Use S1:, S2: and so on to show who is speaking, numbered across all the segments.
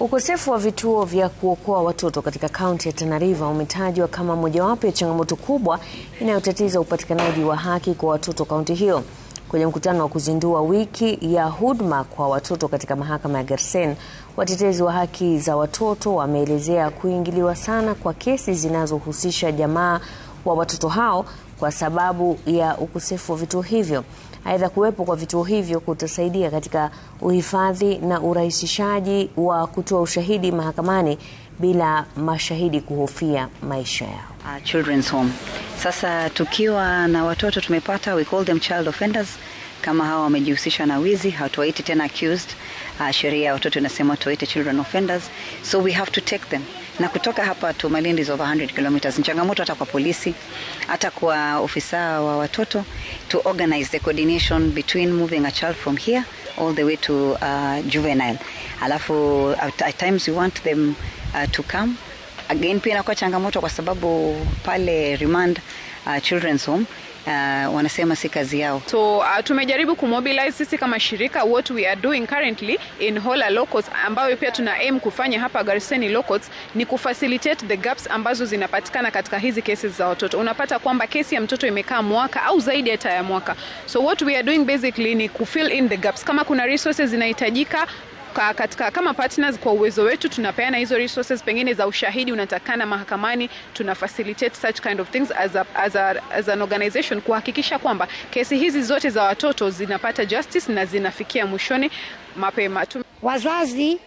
S1: Ukosefu wa vituo vya kuokoa watoto katika kaunti ya Tana River umetajwa kama mojawapo ya changamoto kubwa inayotatiza upatikanaji wa haki kwa watoto kaunti hiyo. Kwenye mkutano wa kuzindua wiki ya huduma kwa watoto katika mahakama ya Garsen, watetezi wa haki za watoto wameelezea kuingiliwa sana kwa kesi zinazohusisha jamaa wa watoto hao kwa sababu ya ukosefu wa vituo hivyo. Aidha, kuwepo kwa vituo hivyo kutasaidia katika uhifadhi na urahisishaji wa kutoa ushahidi mahakamani bila mashahidi kuhofia maisha yao.
S2: Uh, children's home. Sasa tukiwa na watoto tumepata, we call them child offenders. Kama hawa wamejihusisha na wizi, hatuwaiti tena accused. Uh, sheria ya watoto inasema tuwaite children offenders, so we have to take them na kutoka hapa to Malindi is over 100 kilometers. Ni changamoto hata kwa polisi, hata kwa ofisa wa watoto to organize the coordination between moving a child from here all the way to uh, juvenile alafu at, at times we want them uh, to come Again pia inakuwa changamoto kwa sababu pale remand uh, children's home Uh, wanasema si kazi yao
S3: so uh, tumejaribu kumobilize sisi kama shirika, what we are doing currently in Hola Law ambayo pia tuna aim kufanya hapa gariseni Law ni kufacilitate the gaps ambazo zinapatikana katika hizi cases za watoto. Unapata kwamba kesi ya mtoto imekaa mwaka au zaidi hata ya mwaka, so what we are doing basically ni kufill in the gaps. Kama kuna resources zinahitajika ka, katika kama partners kwa uwezo wetu tunapeana hizo resources, pengine za ushahidi unatakana mahakamani, tuna facilitate such kind of things as, a, as, a, as an organization kuhakikisha kwamba kesi hizi zote za watoto zinapata justice na zinafikia mwishoni mapema. tu
S4: Wazazi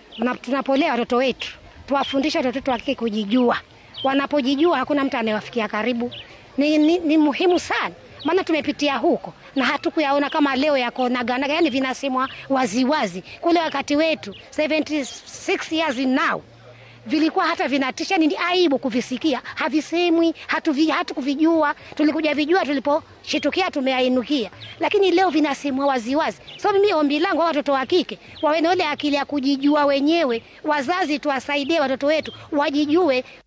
S4: tunapolea watoto wetu tuwafundishe watoto wake kujijua. Wanapojijua hakuna mtu anayewafikia karibu. Ni, ni, ni muhimu sana maana tumepitia huko na hatukuyaona kama leo yako naganaga, yani vinasemwa waziwazi kule wakati wetu 76 years now vilikuwa hata vinatisha, ni aibu kuvisikia, havisemwi, hatukuvijua, hatu tulikuja vijua tuliposhitukia, tumeainukia, lakini leo vinasemwa waziwazi. So mimi ombi langu watoto wa kike wawe na ile akili ya kujijua wenyewe, wazazi tuwasaidie watoto wetu wajijue.